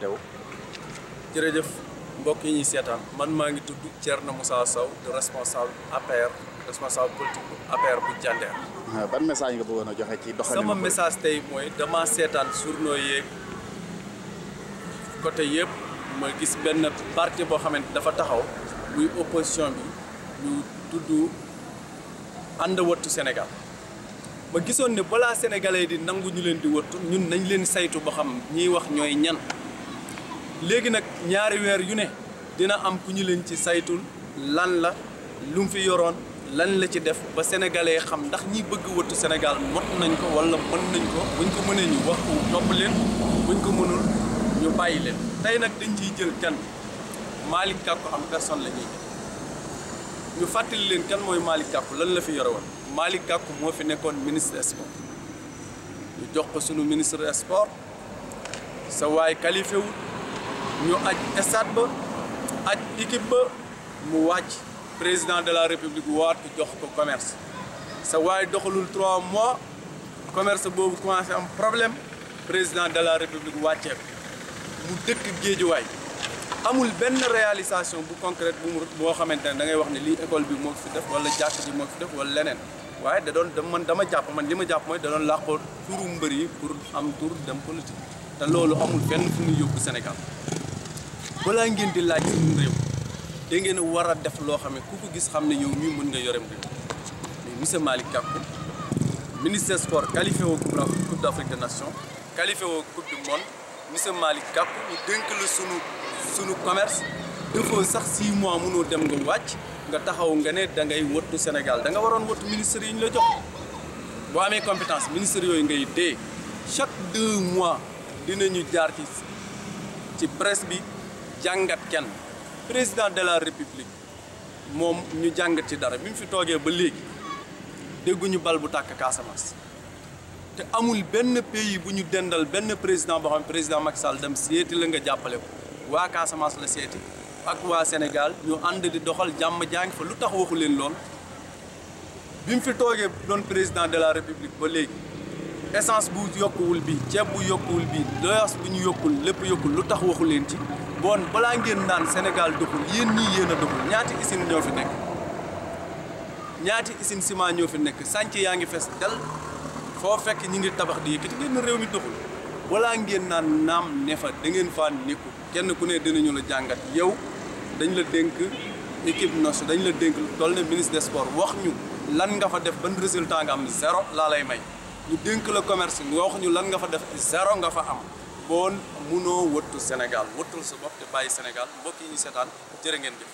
présenté jërëjëf mbokk yi ñuy seetaan man maa ngi tudd na Moussa Sow de responsable APR responsable politique APR bu Diender. Ah, ban message nga bëggoon a joxe ci doxalin. sama message tey mooy dama seetaan journaux yeeg côté yëpp ma gis benn parti boo xamante dafa taxaw muy opposition bi ñu tudd ànd wattu Sénégal. ma gisoon ne balaa sénégalais di nangu ñu leen di wattu ñun nañ leen saytu ba xam ñiy wax ñooy ñan. léegi nag ñaari weer yu ne dina am ku ñu leen ci saytul lan la lu mu fi yoroon lan la ci def ba sénégalais xam ndax ñi bëgg wëttu Sénégal mot nañ ko wala mën nañ ko buñ ko mënee ñu wax topp leen buñ ko mënul ñu bàyyi leen. tey nag dañ ciy jël kan Malick Gakou am personne la ñuy ñu fàttali leen kan mooy Malick Gakou lan la fi yore woon Malick Gakou moo fi nekkoon ministre sport ñu jox ko sunu ministre sport sa waay qualifié ñu aj stade ba aj équipe ba mu wàcc président de la république waat jox ko commerce sa waaye doxalul trois mois commerce boobu commencé am problème président de la république wàccee ko mu dëkk géejuwaay amul benn réalisation bu concrète bu mu boo xamante ne da ngay wax ne lii école bi moo fi def wala jàkk ji moo fi def wala leneen waaye da doon man dama jàpp man li ma jàpp mooy da doon làqoo turu mbër yi pour am tur dem politique te loolu benn fu muy Sénégal balaa ngeen di laaj seen réew da ngeen war a def loo xam ne ku ko gis xam ne yow mii mën nga yorem réew mais monsieur Malick Gakou ministre sport qualifié woo coupe d'Afrique des nations qualifié woo coupe du monde monsieur Malick Gakou ñu dénk la sunu sunu commerce defoo sax 6 mois mënoo dem nga wàcc nga taxaw nga ne da ngay wattu Sénégal da nga waroon wattu ministre yi ñu la jox boo amee compétence ministre yooyu ngay dee chaque 2 mois dina ñu jaar ci ci presse bi. jàngat kenn président de la république moom ñu jàngat ci dara bi mu fi toogee ba léegi dégguñu bal bu tàkk Casamance te amul benn pays bu ñu dendal benn président boo xam président Macky Sall dem seeti la nga jàppale ko waa Casamance la seeti ak waa Sénégal ñu ànd di doxal jàmm jàng fa lu tax waxu leen lool bi mu fi toogee doon président de la république ba léegi. essence bu yokkuwul bi ceeb bu yokkuwul bi loyaas bu ñu yokkul lépp yokkul lu tax waxu leen ci bon balaa ngeen naan Sénégal doxul yéen ñii yéen a doxul ñaati usine ñoo fi nekk ñaati usine ciment ñoo fi nekk sànc yaa ngi fes dal foo fekk ñi ngi tabax di yëkkati ngeen réew mi doxul balaa ngeen naan naam ne fa da ngeen faa nekkul kenn ku ne dinañu la jàngat yow dañ la dénk équipe nos dañ la dénk toll ne ministre des sports wax ñu lan nga fa def ban résultat nga am zéro laa lay may ñu dénk la commerce nga wax ñu lan nga fa def zéro nga fa am boon munoo wëttu Sénégal wëttul sa bopp te bàyyi Sénégal mbokki yi ñu seetaan jërë ngeen jëf